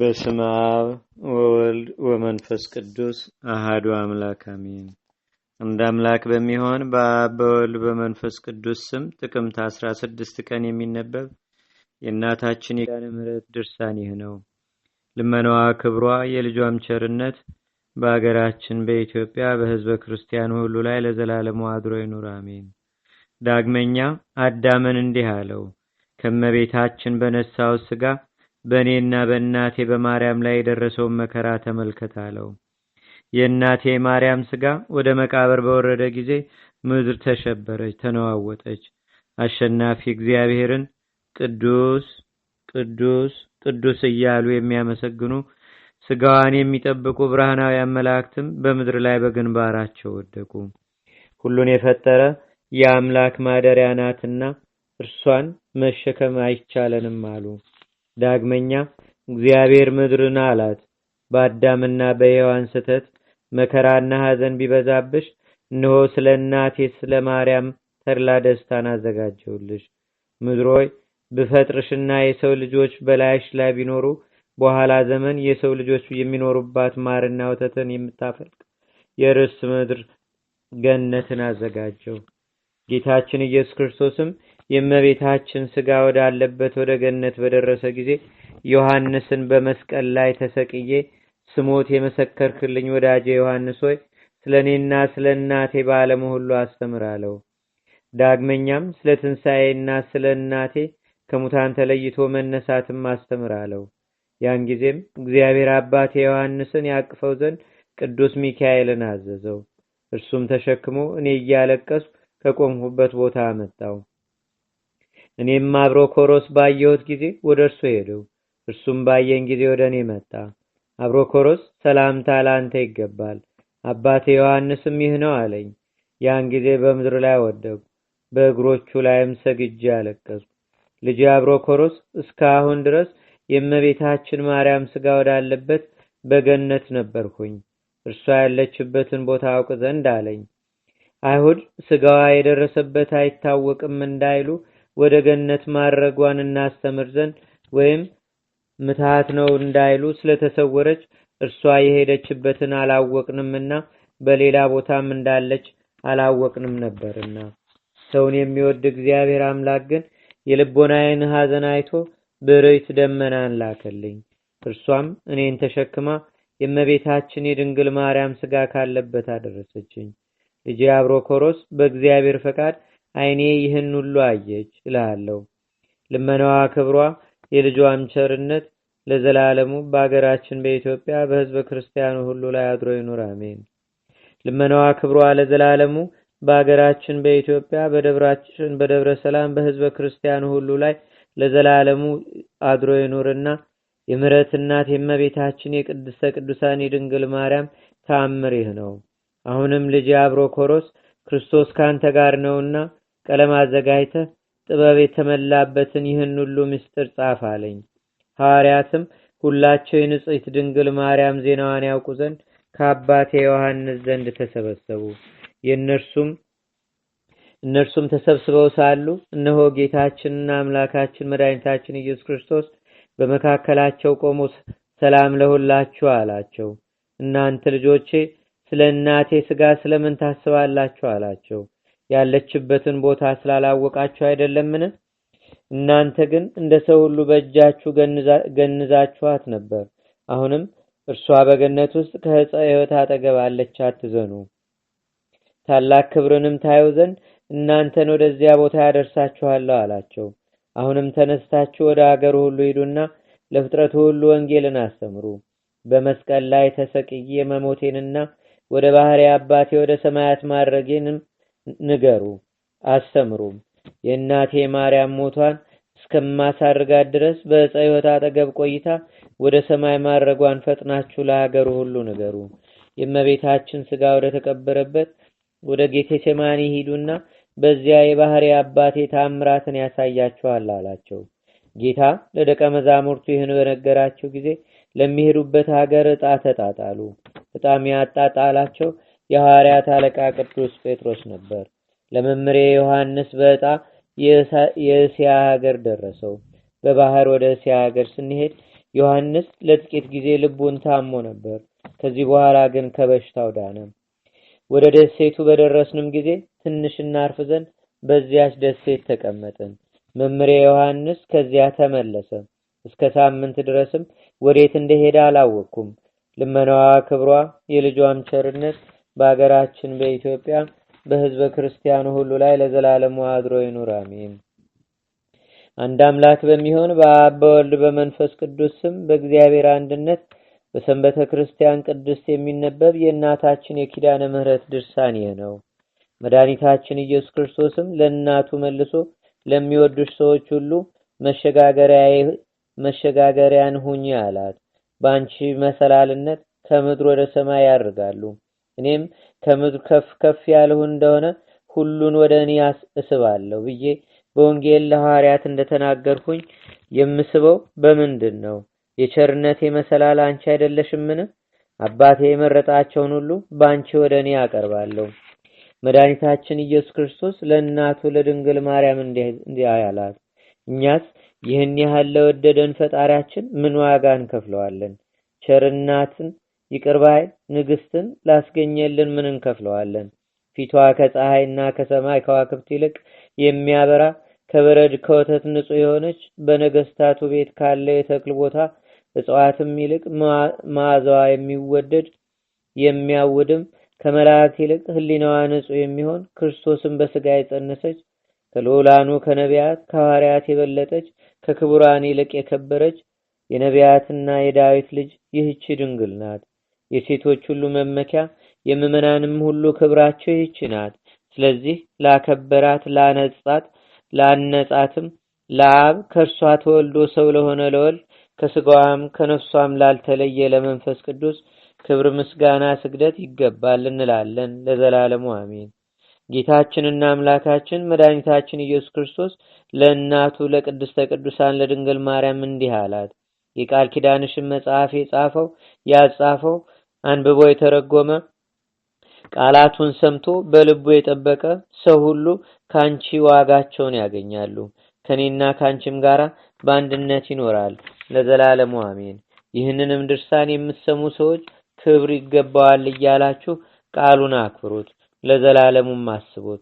በስም አብ ወወልድ ወመንፈስ ቅዱስ አህዱ አምላክ አሜን። እንደ አምላክ በሚሆን በአብ በወልድ በመንፈስ ቅዱስ ስም ጥቅምት 16 ቀን የሚነበብ የእናታችን የቃለ ምረት ድርሳን ይህ ነው። ልመናዋ ክብሯ፣ የልጇም ቸርነት በአገራችን በኢትዮጵያ በህዝበ ክርስቲያኑ ሁሉ ላይ ለዘላለሙ አድሮ ይኑር አሜን። ዳግመኛ አዳምን እንዲህ አለው ከመቤታችን በነሳው ስጋ። በእኔና በእናቴ በማርያም ላይ የደረሰውን መከራ ተመልከት አለው። የእናቴ ማርያም ስጋ ወደ መቃብር በወረደ ጊዜ ምድር ተሸበረች፣ ተነዋወጠች። አሸናፊ እግዚአብሔርን ቅዱስ ቅዱስ ቅዱስ እያሉ የሚያመሰግኑ ስጋዋን የሚጠብቁ ብርሃናዊ አመላእክትም በምድር ላይ በግንባራቸው ወደቁ። ሁሉን የፈጠረ የአምላክ ማደሪያ ናትና እርሷን መሸከም አይቻለንም አሉ። ዳግመኛ እግዚአብሔር ምድርን አላት፣ በአዳምና በሔዋን ስተት መከራና ሐዘን ቢበዛብሽ፣ ንሆ ስለ እናቴ ስለ ማርያም ተድላ ደስታን አዘጋጀውልሽ። ምድሮይ ብፈጥርሽና የሰው ልጆች በላይሽ ላይ ቢኖሩ በኋላ ዘመን የሰው ልጆች የሚኖሩባት ማርና ወተትን የምታፈልቅ የርስ ምድር ገነትን አዘጋጀው። ጌታችን ኢየሱስ ክርስቶስም የእመቤታችን ስጋ ወዳለበት ወደ ገነት በደረሰ ጊዜ ዮሐንስን በመስቀል ላይ ተሰቅዬ ስሞት የመሰከርክልኝ ወዳጄ ዮሐንስ ሆይ ስለ እኔና ስለ እናቴ በዓለም ሁሉ አስተምር አለው። ዳግመኛም ስለ ትንሣኤና ስለ እናቴ ከሙታን ተለይቶ መነሳትም አስተምር አለው። ያን ጊዜም እግዚአብሔር አባቴ ዮሐንስን ያቅፈው ዘንድ ቅዱስ ሚካኤልን አዘዘው። እርሱም ተሸክሞ እኔ እያለቀሱ ከቆምሁበት ቦታ አመጣው። እኔም አብሮ ኮሮስ ባየሁት ጊዜ ወደ እርሱ ሄደው እርሱም ባየኝ ጊዜ ወደ እኔ መጣ። አብሮ ኮሮስ ሰላምታ ለአንተ ይገባል፣ አባቴ ዮሐንስም ይህ ነው አለኝ። ያን ጊዜ በምድር ላይ ወደቁ፣ በእግሮቹ ላይም ሰግጄ አለቀሱ ልጅ አብሮ ኮሮስ እስካሁን ድረስ የእመቤታችን ማርያም ሥጋ ወዳለበት በገነት ነበርኩኝ። እርሷ ያለችበትን ቦታ አውቅ ዘንድ አለኝ። አይሁድ ሥጋዋ የደረሰበት አይታወቅም እንዳይሉ ወደ ገነት ማድረጓን እናስተምር ዘንድ ወይም ምትሃት ነው እንዳይሉ ስለተሰወረች እርሷ የሄደችበትን አላወቅንምና በሌላ ቦታም እንዳለች አላወቅንም ነበርና ሰውን የሚወድ እግዚአብሔር አምላክ ግን የልቦናዬን ሐዘን አይቶ ብርህት ደመናን ላከልኝ። እርሷም እኔን ተሸክማ የእመቤታችን የድንግል ማርያም ስጋ ካለበት አደረሰችኝ። ልጄ ኮሮስ በእግዚአብሔር ፈቃድ ዓይኔ ይህን ሁሉ አየች እላለሁ። ልመናዋ ክብሯ፣ የልጇም ቸርነት ለዘላለሙ በአገራችን በኢትዮጵያ በሕዝበ ክርስቲያኑ ሁሉ ላይ አድሮ ይኑር፣ አሜን። ልመናዋ ክብሯ ለዘላለሙ በአገራችን በኢትዮጵያ በደብራችን በደብረ ሰላም በሕዝበ ክርስቲያኑ ሁሉ ላይ ለዘላለሙ አድሮ ይኑርና የምሕረት እናት የእመቤታችን የቅድስተ ቅዱሳን የድንግል ማርያም ተአምር ይህ ነው። አሁንም አብሮ ኮሮስ ክርስቶስ ካንተ ጋር ነውና ቀለም አዘጋጅተህ ጥበብ የተመላበትን ይህን ሁሉ ምስጢር ጻፍ አለኝ። ሐዋርያትም ሁላቸው የንጽሕት ድንግል ማርያም ዜናዋን ያውቁ ዘንድ ከአባቴ ዮሐንስ ዘንድ ተሰበሰቡ። የእነርሱም እነርሱም ተሰብስበው ሳሉ እነሆ ጌታችንና አምላካችን መድኃኒታችን ኢየሱስ ክርስቶስ በመካከላቸው ቆሞ ሰላም ለሁላችሁ አላቸው። እናንተ ልጆቼ ስለ እናቴ ሥጋ ስለምን ታስባላችሁ? አላቸው። ያለችበትን ቦታ ስላላወቃችሁ አይደለምን? እናንተ ግን እንደ ሰው ሁሉ በእጃችሁ ገንዛችኋት ነበር። አሁንም እርሷ በገነት ውስጥ ከዕፀ ሕይወት አጠገብ አለች፣ አትዘኑ። ታላቅ ክብርንም ታዩ ዘንድ እናንተን ወደዚያ ቦታ ያደርሳችኋለሁ አላቸው። አሁንም ተነስታችሁ ወደ አገሩ ሁሉ ሂዱና ለፍጥረቱ ሁሉ ወንጌልን አስተምሩ። በመስቀል ላይ ተሰቅዬ መሞቴንና ወደ ባህሪ አባቴ ወደ ሰማያት ማድረጌንም ንገሩ አስተምሩም። የእናቴ ማርያም ሞቷን እስከማሳርጋት ድረስ በዕፀ ሕይወት አጠገብ ቆይታ ወደ ሰማይ ማድረጓን ፈጥናችሁ ለሀገሩ ሁሉ ንገሩ። የእመቤታችን ሥጋ ወደ ተቀበረበት ወደ ጌቴሴማኒ ሂዱና በዚያ የባህሪ አባቴ ታምራትን ያሳያችኋል አላቸው። ጌታ ለደቀ መዛሙርቱ ይህን በነገራቸው ጊዜ ለሚሄዱበት ሀገር ዕጣ ተጣጣሉ። ዕጣም ያጣጣላቸው የሐዋርያት አለቃ ቅዱስ ጴጥሮስ ነበር። ለመምሬ ዮሐንስ በዕጣ የእስያ ሀገር ደረሰው። በባህር ወደ እስያ ሀገር ስንሄድ ዮሐንስ ለጥቂት ጊዜ ልቡን ታሞ ነበር። ከዚህ በኋላ ግን ከበሽታው ዳነ። ወደ ደሴቱ በደረስንም ጊዜ ትንሽ እናርፍ ዘንድ በዚያች ደሴት ተቀመጥን። መምሬ ዮሐንስ ከዚያ ተመለሰ። እስከ ሳምንት ድረስም ወዴት እንደሄደ አላወቅኩም። ልመናዋ፣ ክብሯ፣ የልጇም ቸርነት በሀገራችን በኢትዮጵያ በህዝበ ክርስቲያኑ ሁሉ ላይ ለዘላለሙ አድሮ ይኑር፣ አሜን። አንድ አምላክ በሚሆን በአብ በወልድ በመንፈስ ቅዱስ ስም በእግዚአብሔር አንድነት በሰንበተ ክርስቲያን ቅድስት የሚነበብ የእናታችን የኪዳነ ምሕረት ድርሳን ይህ ነው። መድኃኒታችን ኢየሱስ ክርስቶስም ለእናቱ መልሶ ለሚወዱሽ ሰዎች ሁሉ መሸጋገሪያን ሁኚ አላት። በአንቺ መሰላልነት ከምድር ወደ ሰማይ ያርጋሉ። እኔም ከምድር ከፍ ከፍ ያልሁ እንደሆነ ሁሉን ወደ እኔ እስባለሁ ብዬ በወንጌል ለሐዋርያት እንደተናገርኩኝ የምስበው በምንድን ነው? የቸርነቴ መሰላል አንቺ አይደለሽምን? አባቴ የመረጣቸውን ሁሉ በአንቺ ወደ እኔ አቀርባለሁ። መድኃኒታችን ኢየሱስ ክርስቶስ ለእናቱ ለድንግል ማርያም እንዲህ አላት፣ እኛስ ይህን ያህል ለወደደን ፈጣሪያችን ምን ዋጋ እንከፍለዋለን? ቸርናትን ይቅርባይ ንግስትን ላስገኘልን ምን እንከፍለዋለን? ፊቷ ከፀሐይና ከሰማይ ከዋክብት ይልቅ የሚያበራ ከበረድ ከወተት ንጹህ የሆነች በነገስታቱ ቤት ካለ የተክል ቦታ እጽዋትም ይልቅ መዓዛዋ የሚወደድ የሚያውድም ከመላእክት ይልቅ ሕሊናዋ ንጹህ የሚሆን ክርስቶስን በስጋ የጸነሰች ከልዑላኑ ከነቢያት ከሐዋርያት የበለጠች ከክቡራን ይልቅ የከበረች የነቢያትና የዳዊት ልጅ ይህች ድንግል ናት። የሴቶች ሁሉ መመኪያ የምእመናንም ሁሉ ክብራቸው ይች ናት። ስለዚህ ላከበራት፣ ላነጻት፣ ላነጻትም ለአብ ከእርሷ ተወልዶ ሰው ለሆነ ለወልድ ከስጋዋም ከነፍሷም ላልተለየ ለመንፈስ ቅዱስ ክብር፣ ምስጋና፣ ስግደት ይገባል እንላለን ለዘላለሙ አሜን። ጌታችንና አምላካችን መድኃኒታችን ኢየሱስ ክርስቶስ ለእናቱ ለቅድስተ ቅዱሳን ለድንግል ማርያም እንዲህ አላት። የቃል ኪዳንሽን መጽሐፍ የጻፈው ያጻፈው አንብቦ የተረጎመ ቃላቱን ሰምቶ በልቡ የጠበቀ ሰው ሁሉ ካንቺ ዋጋቸውን ያገኛሉ። ከኔና ካንቺም ጋራ በአንድነት ይኖራል ለዘላለሙ አሜን። ይህንንም ድርሳን የምትሰሙ ሰዎች ክብር ይገባዋል እያላችሁ ቃሉን አክብሩት፣ ለዘላለሙም አስቡት።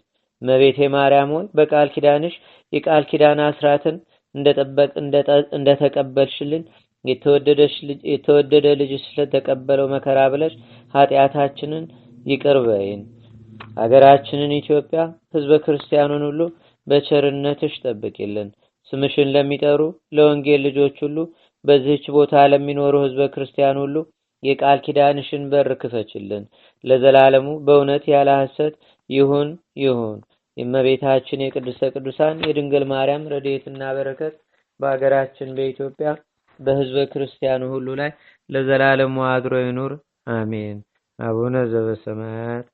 መቤቴ ማርያም ሆይ በቃል ኪዳንሽ የቃል ኪዳን አስራትን እንደተቀበልሽልን የተወደደ ልጅ ስለተቀበለው መከራ ብለሽ ኃጢአታችንን ይቅር በይን። አገራችንን ኢትዮጵያ፣ ህዝበ ክርስቲያኑን ሁሉ በቸርነትሽ ጠብቂልን። ስምሽን ለሚጠሩ ለወንጌል ልጆች ሁሉ በዚህች ቦታ ለሚኖሩ ህዝበ ክርስቲያን ሁሉ የቃል ኪዳንሽን በር ክፈችልን። ለዘላለሙ በእውነት ያለ ሐሰት ይሁን ይሁን። የእመቤታችን የቅድስተ ቅዱሳን የድንግል ማርያም ረድኤትና በረከት በሀገራችን በኢትዮጵያ በህዝበ ክርስቲያኑ ሁሉ ላይ ለዘላለም አድሮ ይኑር አሜን። አቡነ ዘበሰማያት